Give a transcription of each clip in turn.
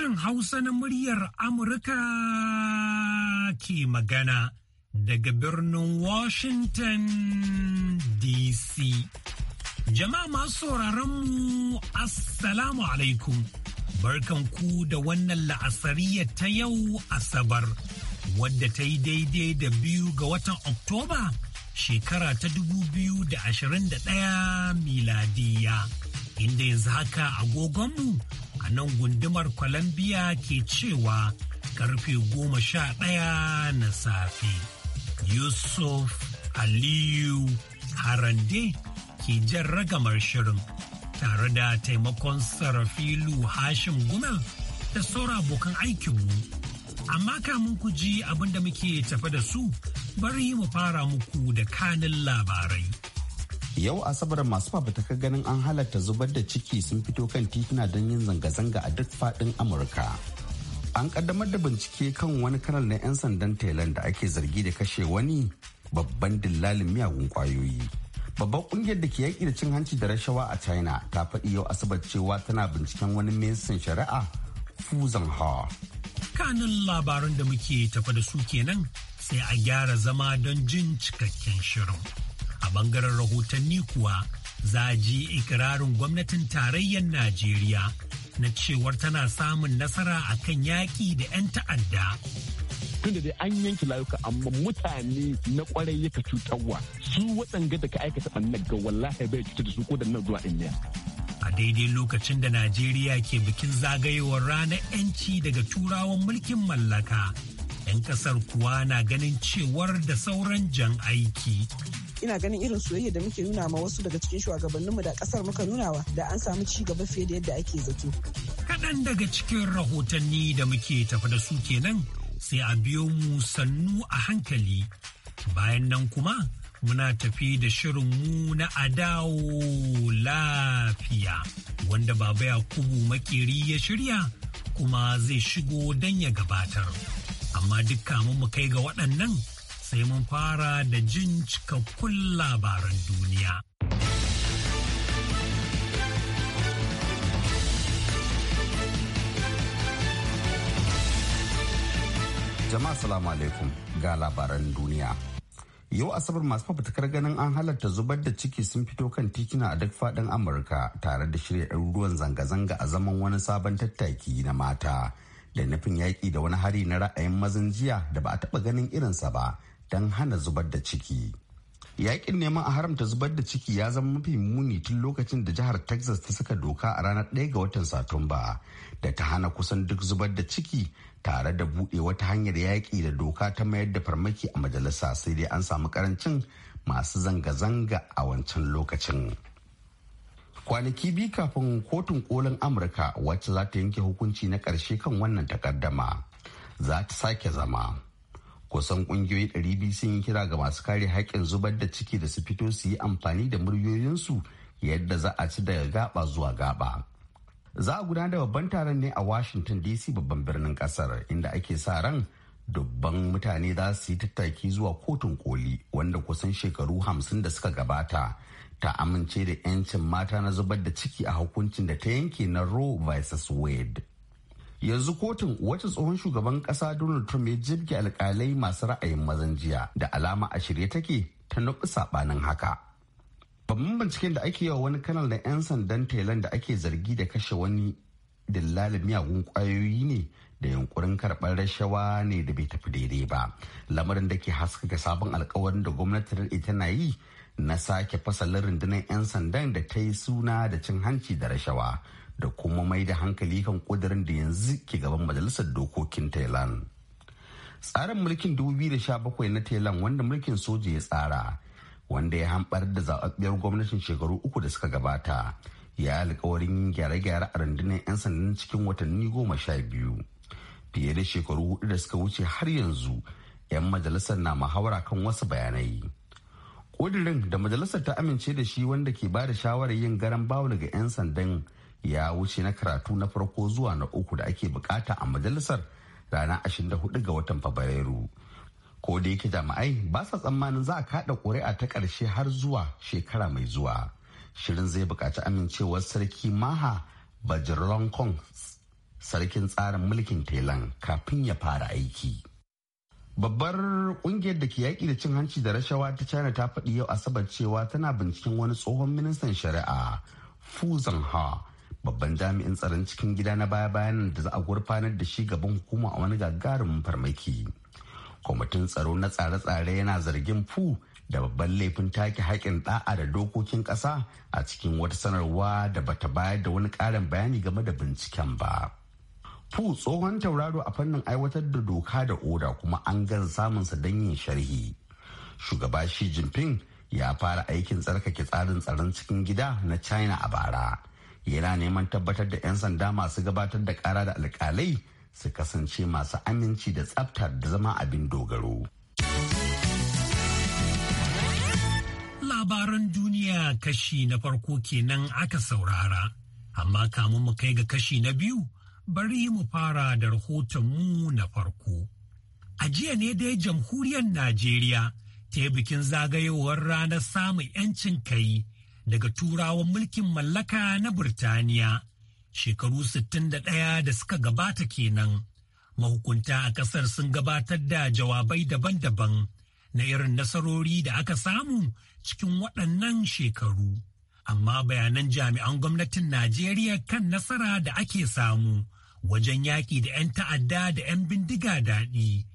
sashen Hausa na muryar Amurka ke magana daga birnin Washington DC. Jama'a masu mu Assalamu alaikum. ku, da wannan la'asariya ta yau Asabar, wadda ta yi daidai da biyu ga watan Oktoba shekara ta dubu biyu da da ashirin 2021 miladiya. Inda yanzu haka agogonmu a nan gundumar Columbia ke cewa karfe goma sha ɗaya na safe. Yusuf Aliyu Harande ke jan ragamar shirin tare da taimakon Sarafilu Hashim Gumel da saura abokan aikinmu. Amma kamun ku ji abin da muke tafe da su bari mu fara muku da kanin labarai. yau asabar masu fafutukar ganin an halatta zubar da ciki sun fito kan tituna don yin zanga-zanga a duk fadin amurka an kaddamar da bincike kan wani kanal na 'yan sandan thailand da ake zargi da kashe wani babban dillalin miyagun kwayoyi babban kungiyar da ke yaƙi da cin hanci da rashawa a china ta faɗi yau asabar cewa tana binciken wani ministan shari'a fuzan hawa kanin labaran da muke tafa da su kenan sai a gyara zama don jin cikakken shirin a bangaren rahotanni kuwa za a ji ikirarin gwamnatin tarayyar najeriya na cewar tana samun nasara a kan yaƙi da 'yan ta'adda tun da dai an yanke layuka amma mutane na kwarai yaka cutarwa su waɗanga da ka aikata ɓannar ga wallahi bai cutar da su ko da nan zuwa indiya a daidai lokacin da najeriya ke bikin zagayewar ranar 'yanci daga turawan mulkin mallaka 'yan kasar kuwa na ganin cewar da sauran jan aiki ina ganin irin soyayya da muke nuna ma wasu daga cikin shugabanninmu da kasar muka nunawa da an samu ci gaba fiye da yadda ake zato. Kaɗan daga cikin rahotanni da muke tafi da su kenan sai a biyo mu sannu a hankali. Bayan nan kuma muna tafi da shirin mu na adawo lafiya wanda baba Yakubu makeri ya shirya kuma zai shigo don ya gabatar. Amma duk mu kai ga waɗannan sai mun fara da jin cikakkun labaran duniya. Jama'a salamu alaikum ga labaran duniya. Yau Asabar masu fafutukar ganin an halarta zubar da ciki sun fito kan titina a duk fadin Amurka tare da shirya ɗaruruwan zanga-zanga a zaman wani sabon tattaki na mata. da nufin yaƙi da wani hari na ra'ayin mazan jiya da ba a taɓa ganin irinsa ba don hana zubar da ciki yaƙin neman a haramta zubar da ciki ya zama mafi muni tun lokacin da jihar texas ta saka doka a ranar 1 ga watan satumba da ta hana kusan duk zubar da ciki tare da buɗe wata hanyar yaƙi da doka ta mayar da farmaki a majalisa sai dai an samu karancin masu zanga-zanga a wancan lokacin kwanaki biyu kafin kotun kolin amurka wacce za ta yanke hukunci na ƙarshe kan wannan takaddama za ta sake zama kusan kungiyoyi 200 sun yi kira ga masu kare haƙƙin zubar da ciki da su fito su yi amfani da muryoyinsu yadda za a ci daga gaba zuwa gaba za a gudanar da babban taron ne a washington dc babban birnin kasar inda ake sa ran dubban mutane za su yi tattaki zuwa kotun koli wanda kusan shekaru hamsin da suka gabata ta amince da 'yancin mata na zubar da ciki a hukuncin da ta yanke na roe vs wade yanzu kotun wacce tsohon shugaban kasa donald trump ya jirgi alkalai masu ra'ayin mazan jiya da alama a shirye take ta nufi sabanin haka babban binciken da ake yi wa wani kanal na 'yan sandan tailan da ake zargi da kashe wani dillali miyagun kwayoyi ne da yunkurin karɓar rashawa ne da bai tafi daidai ba lamarin da ke haskaka sabon alkawarin da gwamnati gwamnatin ita na yi na sake fasalin rundunar 'yan sandan da ta yi suna da cin hanci da rashawa da kuma mai da hankali kan ƙudirin da yanzu ke gaban majalisar dokokin thailand tsarin mulkin 2017 na thailand wanda mulkin soja ya tsara wanda ya hambar da zaɓaɓɓiyar gwamnatin shekaru uku da suka gabata ya alkawarin gyare-gyare a rundunar 'yan sandan cikin watanni goma sha biyu fiye da shekaru hudu da suka wuce har yanzu 'yan majalisar na muhawara kan wasu bayanai ƙudirin da majalisar ta amince da shi wanda ke ba da shawarar yin garan bawul ga 'yan sandan ya wuce na karatu na farko zuwa na uku da ake bukata a majalisar ranar 24 ga watan fabrairu ko da yake jami'ai ba sa tsammanin za a kada ƙuri'a ta ƙarshe har zuwa shekara mai zuwa shirin zai bukaci amincewar sarki maha kong sarkin tsarin mulkin telan kafin ya fara aiki babbar kungiyar da ke yaƙi da cin hanci da rashawa ta china ta faɗi yau asabar cewa tana binciken wani tsohon ministan shari'a fu ha babban jami'in tsaron cikin gida na baya-bayan da za a gurfanar da shi gaban hukuma a wani gagarumin farmaki kwamitin tsaro na tsare-tsare yana zargin fu da babban laifin take haƙin ɗa'a da dokokin ƙasa a cikin wata sanarwa da bata bayar da wani ƙarin bayani game da binciken ba. Fu tsohon tauraro a fannin aiwatar da doka da oda kuma an gan samunsa don yin sharhi. Shugaba Xi Jinping ya fara aikin tsarkake tsarin tsaron cikin gida na China a bara yana neman tabbatar da 'yan sanda masu gabatar da kara da alkalai su kasance masu aminci da tsafta da zama abin dogaro. Labaran duniya kashi na farko kenan aka saurara, amma kamun mu kai ga kashi na biyu bari mu fara da rahoton mu na farko. A jiya ne dai jamhuriyar Najeriya ta bikin zagayowar ranar samun 'yancin kai daga turawan mulkin mallaka na Burtaniya. Shekaru 61 da suka gabata kenan. Mahukunta a ƙasar sun gabatar da jawabai daban-daban na irin nasarori da aka samu cikin waɗannan shekaru. Amma bayanan jami'an gwamnatin Najeriya kan nasara da ake samu wajen yaƙi da 'yan ta'adda da 'yan bindiga daɗi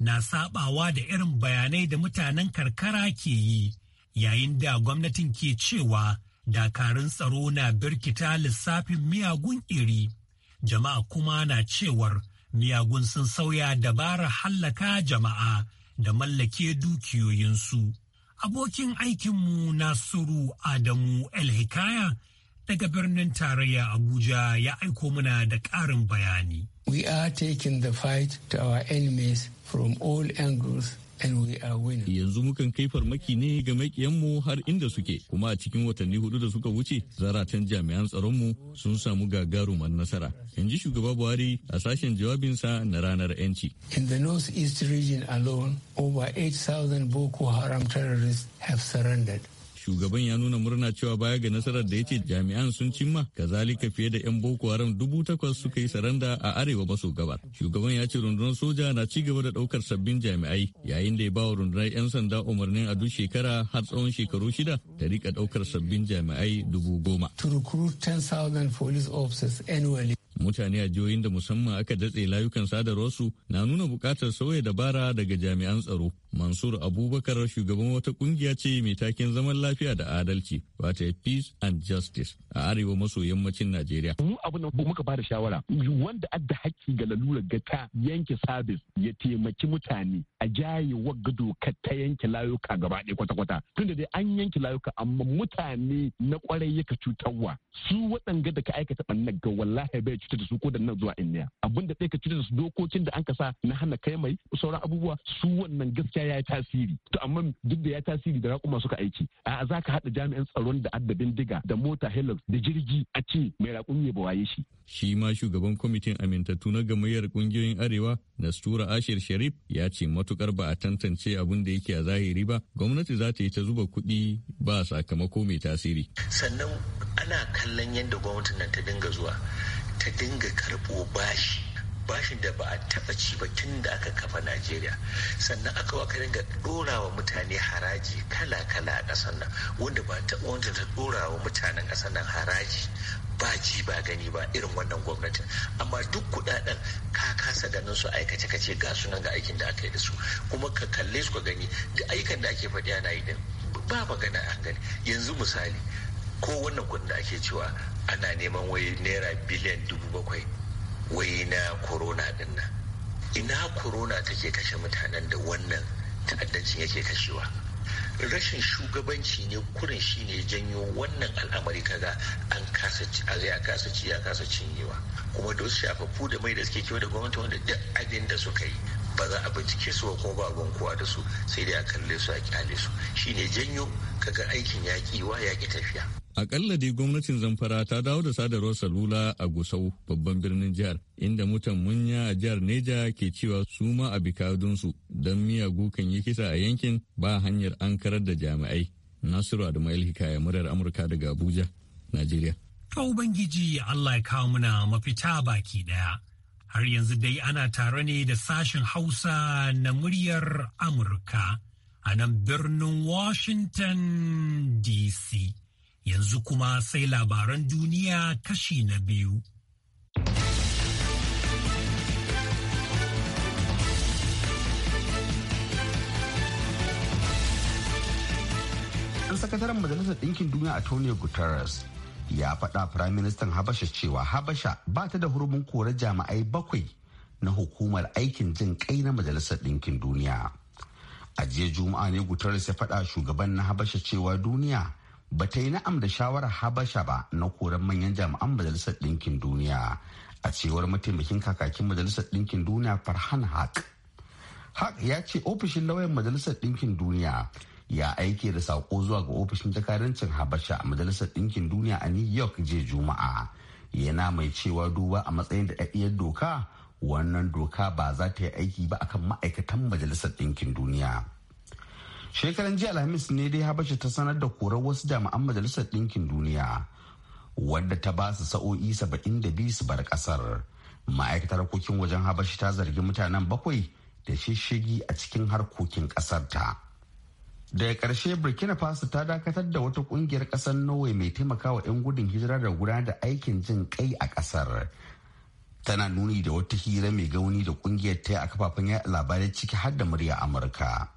na sabawa da irin bayanai da mutanen karkara ke yi. yayin da gwamnatin ke cewa dakarun tsaro na birkita lissafin miyagun iri jama'a kuma na cewar miyagun sun sauya dabarar hallaka jama'a da mallake dukiyoyinsu abokin aikinmu nasiru adamu el-hikaya daga birnin tarayya abuja ya aiko muna da ƙarin bayani we are taking the fight to our enemies from all angles Yanzu mukan kai farmaki ne ga makiyanmu har inda suke, kuma a cikin watanni hudu da suka wuce zaratan jami'an tsaronmu sun samu gagarumar nasara. In ji shugaba Buhari a sashen jawabinsa na ranar 'yanci. In the northeast region alone, over 8,000 Boko Haram terrorists have surrendered. shugaban ya nuna murna cewa baya ga nasarar da ya ce jami'an sun cimma kazalika fiye da 'yan boko haram dubu takwas suka yi saranda a arewa maso gabar shugaban ya ce rundunar soja na ci gaba da daukar sabbin jami'ai yayin da ya ba wa rundunar 'yan sanda umarnin a duk shekara har tsawon shekaru shida ta rika daukar sabbin jami'ai dubu goma. to recruit 10,000 police officers annually mutane a jihohin da musamman aka datse layukan su na nuna bukatar sauya dabara daga jami'an tsaro mansur abubakar shugaban wata kungiya ce mai taken zaman lafiya da adalci wata peace and justice a arewa maso yammacin najeriya mu abu da muka da shawara wanda adda haƙƙi ga lalura ga ta yanke sabis ya taimaki mutane a jaye wagga doka ta yanke layuka gaba ɗaya kwata-kwata tunda dai an yanke layuka amma mutane na kwarai yaka cutarwa su waɗanga da ka aikata ɓannan ga wallahi bai cutar da su ko da nan zuwa indiya abin da ɗaya ka cutar da su dokokin da an sa na hana kai mai sauran abubuwa su wannan gaskiya ya yi tasiri to amma duk da ya tasiri da raƙuma suka aiki a za ka haɗa jami'an tsaron da addabin diga da mota helix da jirgi a ce mai raƙumi ya bawaye shi. shi ma shugaban kwamitin amintattu na gamayyar ƙungiyoyin arewa nastura ashir sharif ya ce matukar ba a tantance abin da yake a zahiri ba gwamnati za ta yi ta zuba kuɗi ba sakamako mai tasiri sannan ana kallon yadda gwamnatin nan ta dinga zuwa ta dinga karɓo bashi bashin da ba a taɓa ci ba tun da aka kafa najeriya sannan aka waka dinga ɗora wa mutane haraji kala-kala a ƙasar nan wanda ba ta wanda ta ɗora wa mutanen ƙasar nan haraji ba ji ba gani ba irin wannan gwamnatin amma duk kudaden ka kasa ganin su aikace kace ga sunan ga aikin da aka yi da su kuma ka kalle su ka gani da aikin da ake faɗi ana yi din ba magana an gani yanzu misali ko wannan kudin da ake cewa ana neman wai naira biliyan dubu bakwai wai na corona din nan ina corona take kashe mutanen da wannan ta'addancin yake kashewa rashin shugabanci ne kurin shi ne janyo wannan al'amari kaga an kasa ya kasa ci ya kasa cinyewa kuma da wasu shafafu da mai da suke kewa da gwamnati wanda duk abin da suka yi ba za a bincike su ba kuma ba ruwan kowa da su sai dai a kalle su a kyale su shine janyo kaga aikin yaƙi wa yaƙi tafiya akalla dai gwamnatin zamfara ta dawo da sadarwar salula a gusau babban birnin jihar inda mutan munya a jihar neja ke cewa su ma a bikadunsu don miyagu kan yi kisa a yankin ba hanyar ankarar da jami'ai nasiru adamu hikaya murar amurka daga abuja najeriya ka ubangiji allah ya kawo muna mafita baki daya Har yanzu dai ana tare ne da sashen Hausa na muryar Amurka a nan birnin Washington DC. Yanzu kuma sai labaran duniya kashi na biyu. sakataren Majalisar Ɗinkin Duniya a Tony Guterres ya faɗa firaministan habasha cewa habasha ba ta da hurumin kore jami'ai bakwai na hukumar aikin jin kai na majalisar ɗinkin duniya a jiya juma'a ne guterres ya faɗa shugaban na habasha cewa duniya ba ta yi na'am da shawarar habasha ba na koren manyan jami'an majalisar ɗinkin duniya a cewar mataimakin kakakin majalisar ɗinkin duniya farhan haq haq ya ce ofishin lauyan majalisar ɗinkin duniya ya aike da sako zuwa ga ofishin jakadancin habasha a majalisar ɗinkin duniya a new york je juma'a yana mai cewa duba a matsayin da ɗaɗɗiyar doka wannan doka ba za ta yi aiki ba akan ma'aikatan majalisar ɗinkin duniya shekaran jiya alhamis ne dai habasha ta sanar da korar wasu jami'an majalisar ɗinkin duniya wadda ta ba su sa'o'i saba'in da biyu su bar kasar ma'aikatar harkokin wajen habashi ta zargi mutanen bakwai da shishigi a cikin harkokin ƙasarta. ta daga ƙarshe burkina faso ta dakatar da wata ƙungiyar ƙasar norway mai taimakawa 'yan gudun hijira da gudanar da aikin jin kai a ƙasar tana nuni da wata hira mai gauni da ƙungiyar ta a kafafen yaɗa labarai ciki har da murya amurka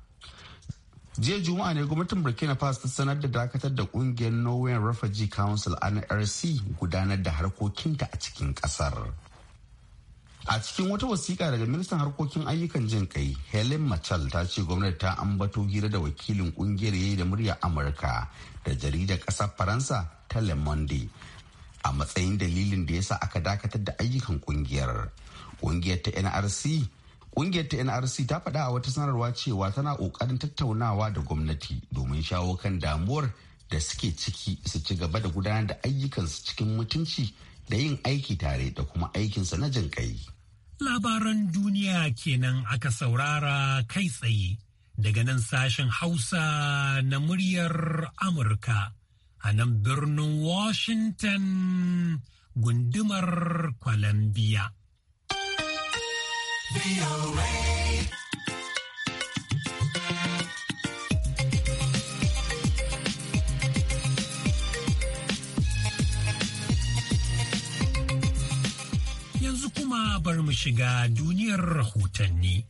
jiya juma'a ne gwamnatin burkina faso ta sanar da dakatar da ƙungiyar norway refugee council nrc gudanar da harkokinta a cikin ƙasar. a cikin wata wasiƙa daga ministan harkokin ayyukan jin kai helen machal ta ce gwamnati ta ambato hira da wakilin kungiyar yayi da murya amurka da jaridar ƙasar faransa ta le monde a matsayin dalilin da yasa aka dakatar da ayyukan kungiyar kungiyar ta nrc kungiyar ta nrc ta faɗa a wata sanarwa cewa tana ƙoƙarin tattaunawa da gwamnati domin shawo kan damuwar da suke ciki su ci gaba da gudanar da ayyukansu cikin mutunci da yin aiki tare da kuma aikinsa na jin Labaran duniya kenan aka saurara kai tsaye daga nan sashen Hausa na muryar Amurka a nan birnin Washington gundumar Columbia. kuma bar mu shiga duniyar rahotanni.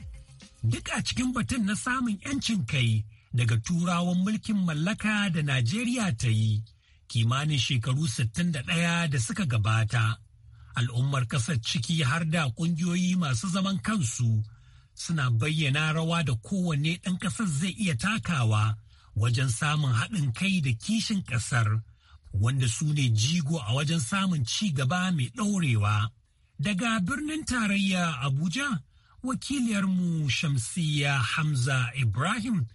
Duk a cikin batun na samun 'yancin kai daga turawan mulkin mallaka da Najeriya ta yi, kimanin shekaru 61 da suka gabata. Al'ummar ƙasar ciki har da ƙungiyoyi masu zaman kansu suna bayyana rawa da kowanne ɗan ƙasar zai iya takawa wajen samun haɗin kai da kishin ƙasar, wanda su ne jigo a wajen samun ci gaba mai ɗorewa. Daga birnin tarayya Abuja, wakiliyarmu Shamsiya Hamza Ibrahim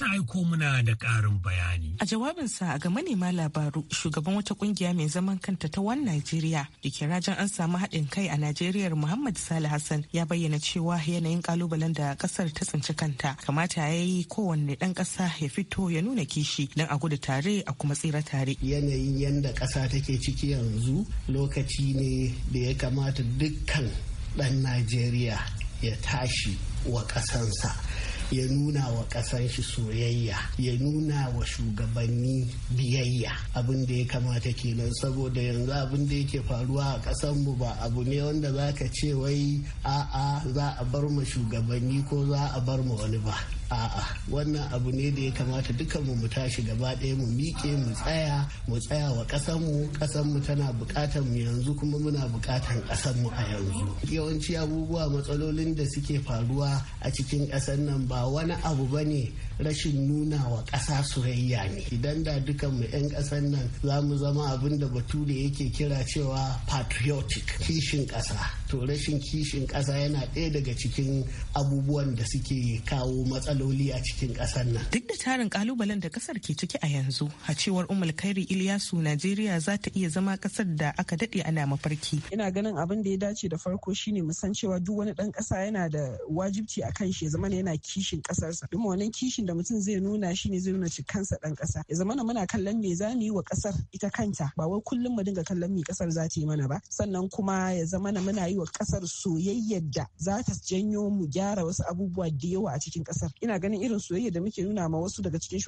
ta aiko muna da ƙarin bayani. A jawabinsa ga manema labaru shugaban wata kungiya mai zaman kanta ta wan Najeriya da ke rajan an samu haɗin kai a Najeriya Muhammad Sale Hassan ya bayyana cewa yanayin ƙalubalen da ƙasar ta tsinci kanta kamata ya yi kowanne ɗan ƙasa ya fito ya nuna kishi don a gudu tare a kuma tsira tare. Yanayin yanda ƙasa take ciki yanzu lokaci ne da ya kamata dukkan ɗan Najeriya ya tashi wa ƙasansa. ya nuna wa ƙasar shi soyayya ya nuna wa shugabanni biyayya abin da ya kamata kenan saboda yanzu abin da yake faruwa a ƙasar mu ba abu ne wanda za ka ce wai a'a za a bar ma shugabanni ko za a bar mu wani ba a'a wannan abu ne da ya kamata dukanmu mu tashi gaba ɗaya mu miƙe mu tsaya mu tsaya wa ƙasanmu mu tana buƙatar mu yanzu kuma muna buƙatar ƙasanmu a yanzu yawanci abubuwa matsalolin da suke faruwa a cikin ƙasan nan ba wani abu bane rashin nuna wa ƙasa soyayya ne idan da dukan 'yan ƙasan nan za mu zama abin da bature yake kira cewa patriotic kishin ƙasa to rashin kishin ƙasa yana ɗaya daga cikin abubuwan da suke kawo matsaloli matsaloli a cikin ƙasar nan. Duk da tarin kalubalen da ƙasar ke ciki a yanzu, a cewar Umar Kairi Ilyasu Najeriya za ta iya zama ƙasar da aka daɗe ana mafarki. Ina ganin abin da ya dace da farko shine mu san cewa duk wani ɗan ƙasa yana da wajibci a kan shi ya zama yana kishin ƙasarsa. Duk wannan kishin da mutum zai nuna shine zai nuna kansa ɗan ƙasa. Ya zama muna kallon me za mu yi wa ƙasar ita kanta ba wai kullum mu dinga kallon me ƙasar za ta yi mana ba. Sannan kuma ya zama muna yi wa ƙasar soyayyar da za ta janyo mu gyara wasu abubuwa da yawa a cikin ƙasar. ina ganin irin soyayya da muke nuna ma wasu daga cikin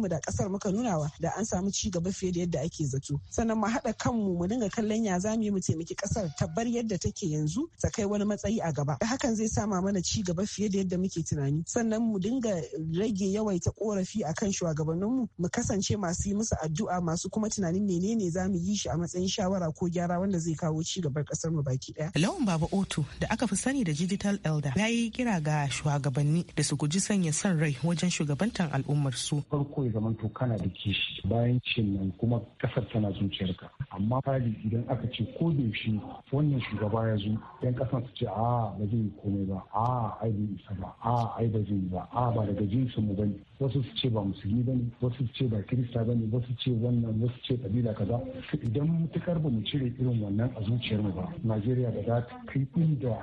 mu da kasar muka nunawa da an samu ci gaba fiye da yadda ake zato sannan mu haɗa kanmu mu dinga kallon ya za mu yi mu taimaki kasar bar yadda take yanzu ta kai wani matsayi a gaba hakan zai sama mana ci gaba fiye da yadda muke tunani sannan mu dinga rage yawaita korafi akan shugabanninmu mu kasance masu yi musu addu'a masu kuma tunanin menene za mu yi shi a matsayin shawara ko gyara wanda zai kawo ci gaban kasar mu baki daya lawan baba otu da aka fi sani da digital elder yayi kira ga shugabanni da su guji sanya sanya son rai wajen shugabantar al'ummarsu. Farko ya zama to kana da kishi bayan cin nan kuma kasar tana zuciyarka. Amma fari idan aka ce ko da yaushe wannan shugaba ya zo yan kasar su ce a ba zai yi komai ba a ai bai isa ba a ai ba zai yi ba a ba daga jinsin mu bane wasu su ce ba musulmi bane wasu su ce ba kirista bane wasu su ce wannan wasu su ce kabila kaza idan mutukar ba mu cire irin wannan a zuciyar mu ba Najeriya ba za ta kai inda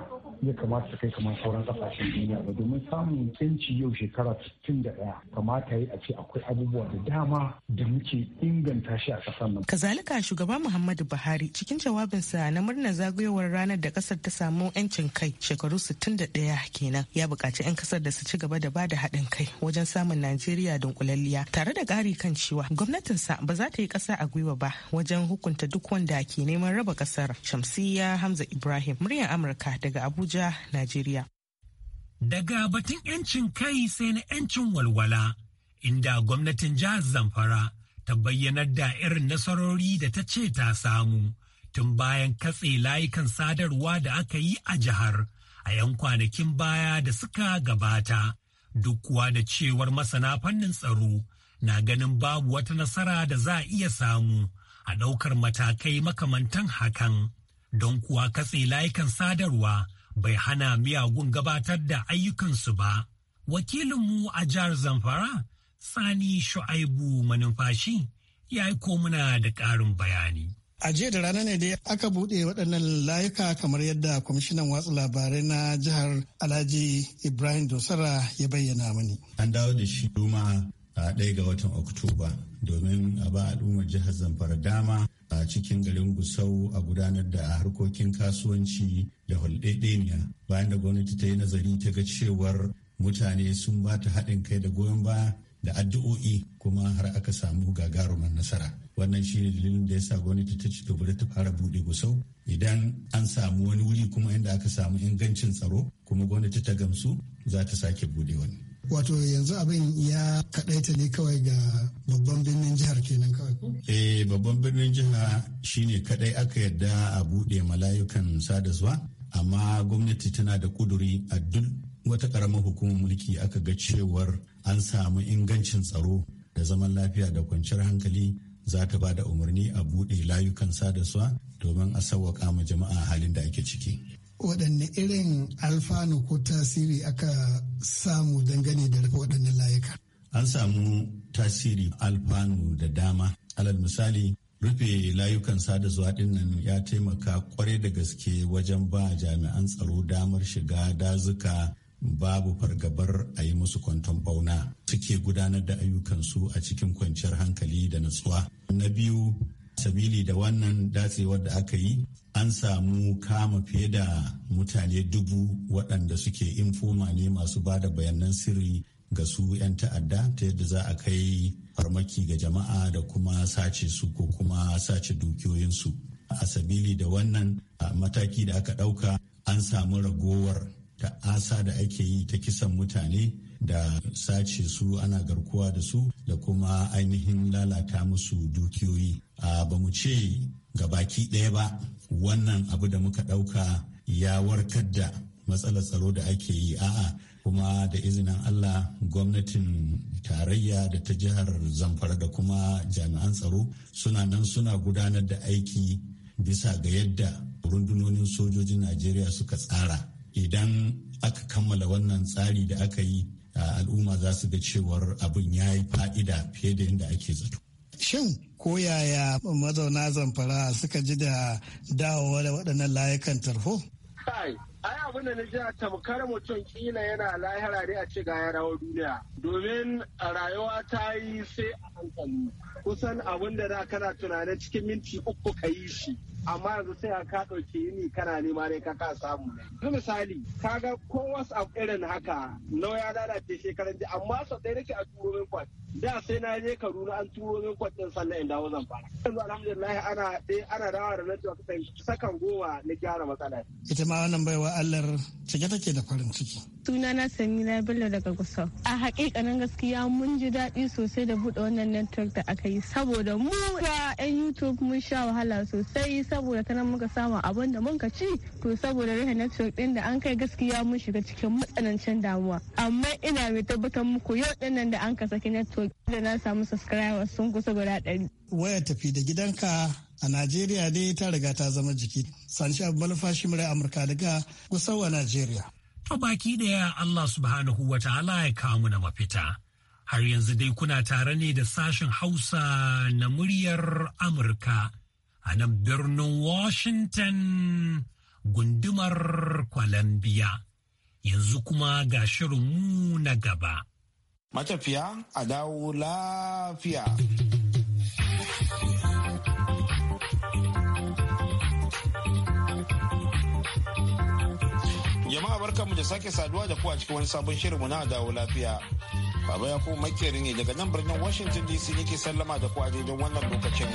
ya kamata kai kamar sauran kasashen duniya ba domin samun yanci yau shekara 61 kamata yi a ce akwai abubuwa da dama da muke inganta shi a kasar nan. Kazalika shugaba Muhammadu Buhari cikin jawabinsa na murnar zagayowar ranar da kasar ta samu 'yancin kai shekaru 61 kenan ya buƙaci 'yan kasar da su ci gaba da bada haɗin kai wajen samun Najeriya dunkulalliya tare da ƙari kan cewa gwamnatinsa ba za ta yi ƙasa a gwiwa ba wajen hukunta duk wanda ke neman raba ƙasar. Shamsiyya Hamza Ibrahim muryar Amurka daga Abuja Abuja, Najeriya. Daga batun 'yancin kai sai na 'yancin walwala, inda gwamnatin jihar Zamfara ta bayyanar da irin nasarori da ta ce ta samu tun bayan katse layukan sadarwa da aka yi a jihar a 'yan kwanakin baya da suka gabata. Duk kuwa da cewar masana fannin tsaro na ganin babu wata nasara da za a iya samu a ɗaukar matakai makamantan hakan. Don kuwa katse layukan sadarwa bai hana miyagun gabatar da ayyukansu ba. Wakilinmu a jihar Zamfara, Sani Shu'aibu Manumfashi, ya yi komuna da ƙarin bayani. A jiya da rana ne dai aka buɗe waɗannan layuka kamar yadda kwamishinan watsa labarai na jihar Alhaji Ibrahim Dosara ya bayyana mani. An dawo da shi duma a ɗaya ga watan Oktoba domin a ba al'ummar jihar Zamfara dama a cikin garin Gusau a gudanar da harkokin kasuwanci da hulɗeɗeniya bayan da gwamnati ta yi nazari ta ga cewar mutane sun ba ta haɗin kai da goyon baya da addu'o'i kuma har aka samu gagarumar nasara wannan shine dalilin da ya sa gwamnati ta ci gaba da ta fara buɗe Gusau idan an samu wani wuri kuma inda aka samu ingancin tsaro kuma gwamnati ta gamsu za ta sake buɗe wani. wato yanzu abin ya kadaita ne kawai ga babban birnin jihar kenan kawai Eh babban birnin jiha shine kadai aka yadda a buɗe malayukan zuwa amma gwamnati tana da kuduri a duk wata ƙaramar hukumar mulki aka ga cewar an samu ingancin tsaro da zaman lafiya da kwanciyar hankali za ta ba da umarni a buɗe layukan sadaswa domin a sauwaƙa ma jama'a halin da ake ciki. waɗanne irin alfanu ko tasiri aka samu dangane da rufe waɗannan layuka? An samu tasiri alfanu da dama. Alal misali, rufe layukan sada zuwa dinnan ya taimaka kwarai da gaske wajen ba jami'an tsaro damar shiga dazuka babu fargabar a yi musu kwanton bauna suke gudanar da ayyukansu a cikin kwanciyar hankali da natsuwa. Na biyu sabili da wannan datsewar da aka yi an samu kama fiye da mutane dubu waɗanda suke infoma ne masu ba da bayanan sirri ga su 'yan ta'adda ta yadda za a kai farmaki ga jama'a da kuma sace su ko kuma sace dukiyoyinsu a sabili da wannan mataki da aka ɗauka an samu ragowar ta'asa da ake yi ta kisan mutane da sace su ana garkuwa da su da kuma ainihin lalata musu dukiyoyi a ba mu ce ga baki ɗaya ba wannan abu da muka ɗauka ya warkar da matsalar tsaro da ake yi a'a kuma da izinin Allah gwamnatin tarayya da ta jihar zamfara da kuma jami'an tsaro suna nan suna gudanar da aiki bisa ga yadda rundunonin sojojin Najeriya suka tsara idan aka kammala wannan tsari da aka yi al'umma za su ga cewar abin ya yi fa'ida fiye da yadda ake zato. Shin ko yaya mazauna zamfara suka ji da dawowa da waɗannan layukan tarho? ai abin da na ji tamkar mutum kila yana lahira ne a ce ga ya dawo duniya domin rayuwa ta yi sai a hankali kusan abin da za kana tunanin cikin minti uku ka yi shi amma yanzu sai ka ɗauki yini kana nema ne ka ka samu ne misali kaga ko wasu abu irin haka nau ya lalace shekaran ji amma sau ɗaya nake a turo min kwat da sai na je Kaduna an turo min kwat ɗin sannan in dawo zan fara yanzu alhamdulillah ana ɗaya eh, ana dawa da nan sakan goma na gyara matsala ita ma wannan baiwa fa'alar cike take da farin ciki. Suna na Samira Bello daga Gusau. A hakikanin gaskiya mun ji daɗi sosai da buɗe wannan network da aka yi saboda mu da 'yan YouTube mun sha wahala sosai saboda ta nan muka samu abin da mun ci to saboda rufe network ɗin da an kai gaskiya mun shiga cikin matsanancin damuwa. Amma ina mai tabbatar muku yau ɗin nan da an ka saki network da na samu subscribers sun kusa guda ɗari. Waya tafi da gidanka a najeriya dai ta riga ta zama jiki sanshi abu malfashi murai amurka daga gusau a najeriya to baki daya allah subhanahu wa ta'ala ya kamu na mafita har yanzu dai kuna tare ne da sashen hausa na muryar amurka a nan birnin washington gundumar columbia yanzu kuma ga shirinmu na gaba matafiya a dawo lafiya Jama'a barkanmu da sake saduwa da ku a cikin wani sabon shirinmu na dawo lafiya. Baba ya ku makeri ne daga nan birnin Washington DC yake sallama da ku a daidai wannan lokacin.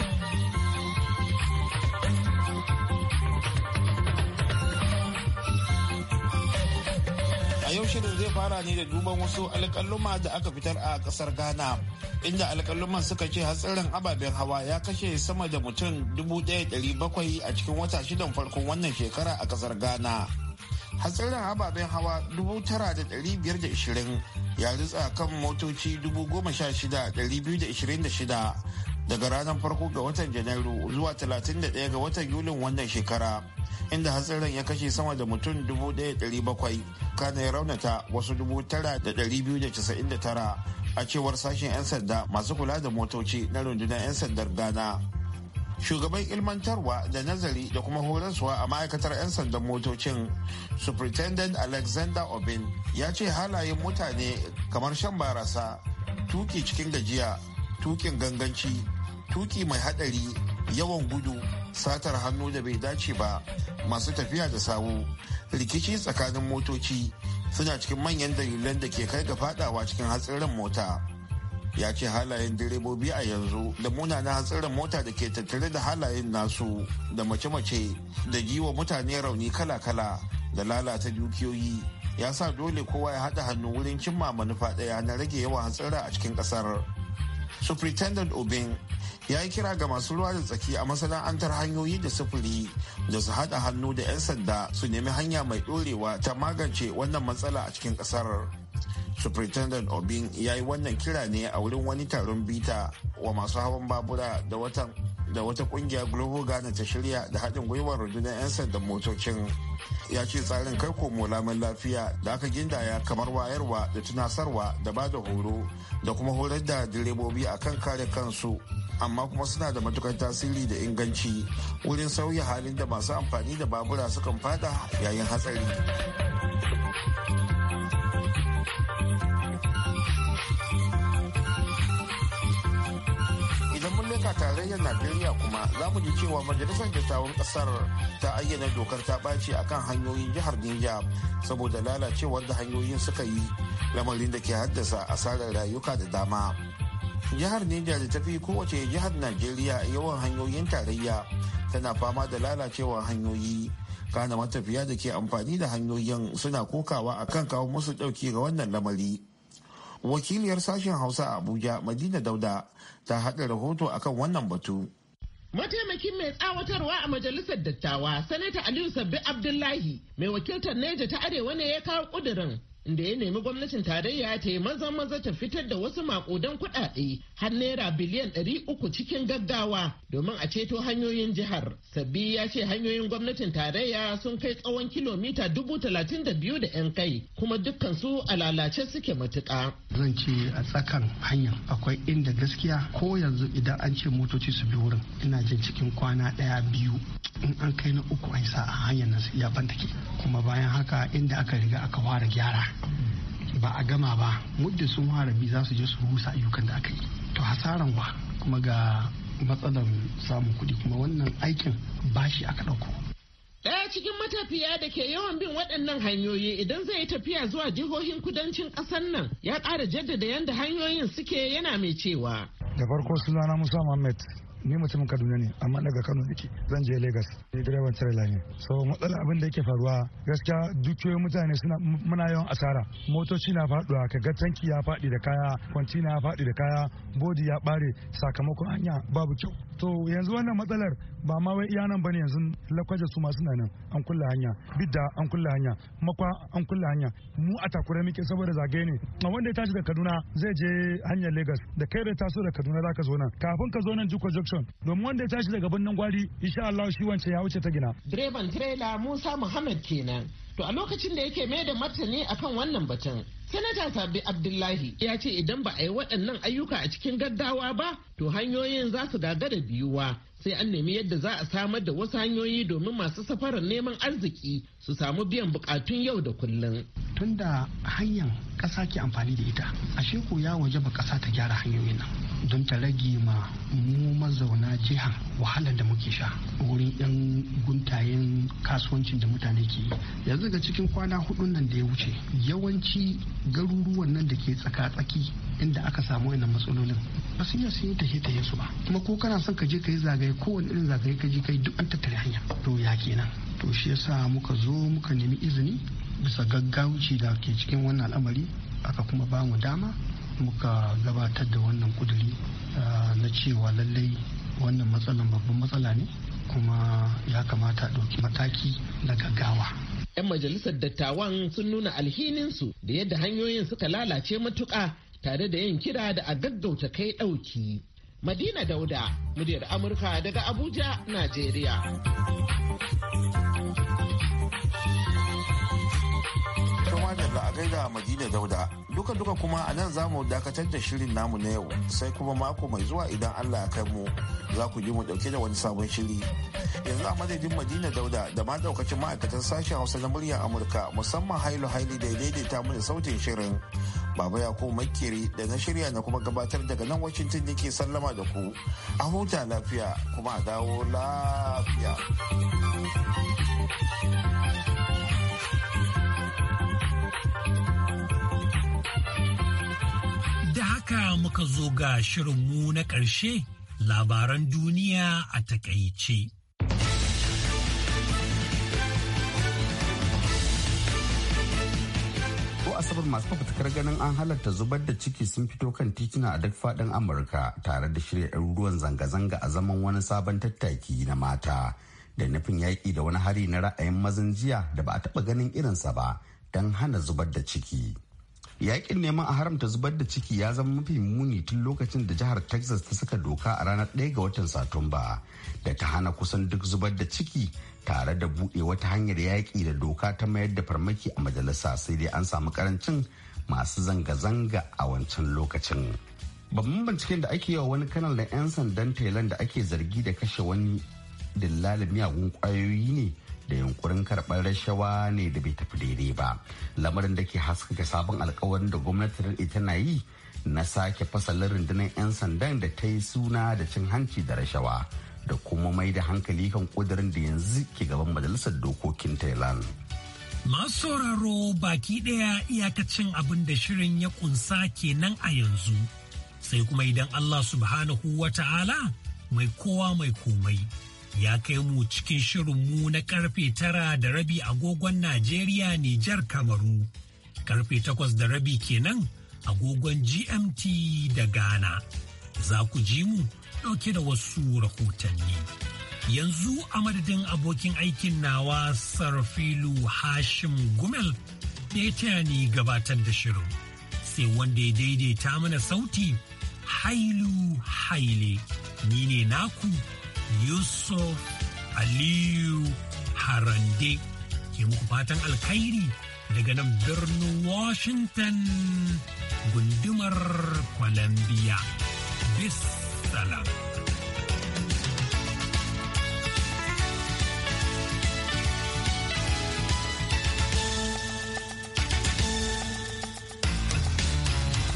A yau shirin zai fara ne da duban wasu alƙaluma da aka fitar a kasar Ghana. Inda alkaluman suka ce hatsarin ababen hawa ya kashe sama da mutum 1,700 a cikin wata shidan farkon wannan shekara a kasar Ghana. hatsarin ababen hawa 9,520 ya ritsa kan motoci 16,226 daga ranar farko ga watan janairu zuwa 31 ga watan yulin wannan shekara inda hatsarin ya kashe sama da mutum 1,700 kana ya raunata wasu 9,299 a cewar sashen 'yan sanda masu kula da motoci na rundunar 'yan sandar ghana shugaban ilmantarwa da nazari da kuma horaswa a ma'aikatar 'yan sandan motocin superintendent alexander obin ya ce halayen mutane kamar shan barasa tuki cikin gajiya tukin ganganci tuki mai hadari yawan gudu satar hannu da bai dace ba masu tafiya da sawu rikici tsakanin motoci suna cikin manyan dalilan da ke kai ga fadawa cikin hatsarin mota. ya ce halayen direbobi a yanzu da munanan hatsarin mota da ke tattare da halayen nasu da mace-mace da jiwa mutane rauni kala-kala da lalata dukiyoyi ya sa dole kowa ya haɗa hannu wurin cimma manufa ɗaya na rage yawan hatsara a cikin ƙasar. Superintendent Obin ya yi kira ga masu ruwa da tsaki a masana'antar hanyoyi da sufuri da su haɗa hannu da 'yan sanda su nemi hanya mai ɗorewa ta magance wannan matsala a cikin ƙasar. Superintendent Obin ya yi wannan kira ne a wurin wani taron bita wa masu hawan babura da wata da wata kungiya Global Ghana ta shirya da haɗin gwiwar rundunar 'yan sandan motocin. Ya ce tsarin kai komo lamun lafiya da aka gindaya kamar wayarwa da tunasarwa da ba da horo da kuma horar da direbobi a kan kare kansu amma kuma suna da matukar tasiri da inganci wurin sauya halin da masu amfani da babura sukan fada yayin hatsari. amurka tarayyar najeriya kuma za mu ji cewa majalisar dattawan kasar ta ayyana dokar ta ɓaci a kan hanyoyin jihar ninja saboda lalacewar da hanyoyin suka yi lamarin da ke haddasa asarar rayuka da dama jihar Niger da tafi kowace jihar Najeriya yawan hanyoyin tarayya tana fama da lalacewar hanyoyi. Kana matafiya da ke amfani da hanyoyin suna kokawa a kan kawo musu ɗauki ga wannan lamari. Wakiliyar sashen Hausa a Abuja Madina Dauda ta haɗa rahoto akan wannan batu. Mataimakin mai tsawatarwa a majalisar dattawa, Sanata Aliyu Sabbi Abdullahi, mai wakiltar Neja ta Arewa ne ya kawo ƙudurin inda ya nemi gwamnatin tarayya ta yi maza maza ta fitar da wasu makudan kuɗaɗe har naira biliyan ɗari uku cikin gaggawa domin a ceto hanyoyin jihar. Sabbi ya ce hanyoyin gwamnatin tarayya sun kai tsawon kilomita dubu talatin da biyu da 'yan kai kuma dukkan su a lalace suke matuka. Zan ce a tsakan hanya akwai inda gaskiya ko yanzu idan an ce motoci su bi wurin ina jin cikin kwana ɗaya biyu in an kai na uku an a hanyar nan ya bantake kuma bayan haka inda aka riga aka ware gyara ba a gama ba muddin sun harabi za su je su rusa ayyukan da aka yi to hasaran wa kuma ga matsalar samun kudi kuma wannan aikin bashi aka ɗauko Daya cikin matafiya da ke yawan bin waɗannan hanyoyi idan zai tafiya zuwa jihohin kudancin ƙasar nan ya ƙara jaddada yadda hanyoyin suke yana mai cewa. Da farko sunana Musa Muhammad ni mutumin kaduna ne amma daga kano nake zan je lagos ni direban trailer ne so matsala abin da yake faruwa gaskiya dukiyoyin mutane suna muna yawan asara motoci na faduwa ga tanki ya fadi da kaya kwanci na ya fadi da kaya bodi ya bare sakamakon hanya babu kyau to yanzu wannan matsalar ba ma wai iya nan bane yanzu lakwaje su ma suna nan an kulle hanya bidda an kulle hanya makwa an kulle hanya mu a takura muke saboda zagaye ne amma wanda ya tashi da kaduna zai je hanyar lagos da kai da taso da kaduna zaka zo nan kafin ka zo nan jiko junction domin wanda ya tashi daga birnin gwari insha Allah shi wance ya wuce ta gina direban trailer Musa Muhammad kenan to a lokacin da yake mai da martani akan wannan batun Sanata Sabi Abdullahi ya ce idan ba a yi waɗannan ayyuka a cikin gaddawa ba to hanyoyin za su gagara biyuwa sai an nemi yadda za a samar da wasu hanyoyi domin masu safarar neman arziki su samu biyan bukatun yau da kullum. Tunda hanyar ƙasa ke amfani da ita, ashe ko ya waje ba ƙasa ta gyara hanyoyin nan. don ta rage ma mu mazauna jiha wahalar da muke sha wurin yan guntayen kasuwancin da mutane ke yi yanzu ga cikin kwana hudun nan da ya wuce yawanci garuruwan nan da ke tsaka-tsaki inda aka samu wannan matsalolin ba sun yi sun yi tafiye ta su ba kuma ko kana son ka je ka yi zagaye kowane irin zagaye ka je ka yi duk an tattare hanya to ya kenan to shi yasa muka zo muka nemi izini bisa gaggawuci da ke cikin wannan al'amari aka kuma bamu dama muka gabatar da wannan kuduri ah, na cewa lallai wannan matsalan babban matsala ne kuma ya kamata a ɗauki mataki na gaggawa 'yan majalisar dattawan sun nuna alhininsu da yadda hanyoyin suka lalace matuƙa tare da yin kira da a gaggauta kai ɗauki. Madina Dauda, muryar Amurka daga Abuja, Najeriya. da madina dauda duka duka kuma a nan za dakatar da shirin namu na yau sai kuma mako mai zuwa idan allah ya kai mu za ku ji mu dauke da wani sabon shiri yanzu a madadin madina dauda da ma daukacin ma'aikatan sashen hausa na muryar amurka musamman hailu haili da daidaita mu da sautin shirin baba ya kuma da na shirya na kuma gabatar daga nan washington da ke sallama da ku a huta lafiya kuma a dawo lafiya haka muka zo ga shirinmu na ƙarshe labaran duniya a takaice. Ko asabar masu fafutukar ganin an halarta zubar da ciki sun fito kan tituna a duk faɗin Amurka tare da shirya ruwan zanga-zanga a zaman wani sabon tattaki na mata da nufin yaƙi da wani hari na ra'ayin mazan jiya da ba a taɓa ganin irinsa ba don hana zubar da ciki. yakin neman a haramta zubar da ciki ya zama mafi muni tun lokacin da jihar texas ta saka doka a ranar 1 ga watan satumba da ta hana kusan duk zubar da ciki tare da buɗe wata hanyar yaƙi da doka ta mayar da farmaki a majalisa sai dai an samu karancin masu zanga-zanga a wancan lokacin babban binciken da ake yi wa wani kanal na 'yan sandan thailand da ake zargi da kashe wani dillalin miyagun kwayoyi ne da yunkurin karɓar rashawa ne da bai tafi daidai ba lamarin da ke haskaka sabon alkawarin da gwamnatin ita na yi na sake fasalin rundunar 'yan sandan da ta yi suna da cin hanci da rashawa da kuma mai da hankali kan kudirin da yanzu ke gaban majalisar dokokin thailand masu sauraro baki daya iyakacin abin da shirin ya kunsa kenan a yanzu sai kuma idan allah subhanahu wa ta'ala mai kowa mai komai ya kai mu cikin mu na karfe tara da rabi agogon Najeriya Nijar Kamaru. Karfe takwas da rabi kenan agogon GMT da Ghana. Za ku ji mu ɗauke da wasu rahotanni. Yanzu a madadin abokin aikin nawa Sarfilu Hashim Gumel da ya taya ni gabatar da shirin. Sai wanda ya daidaita mana sauti, hailu haile, ni ne naku. yusuf aliyu harande ke muku fatan alkhairi daga nan birnin washington gundumar columbia bis salam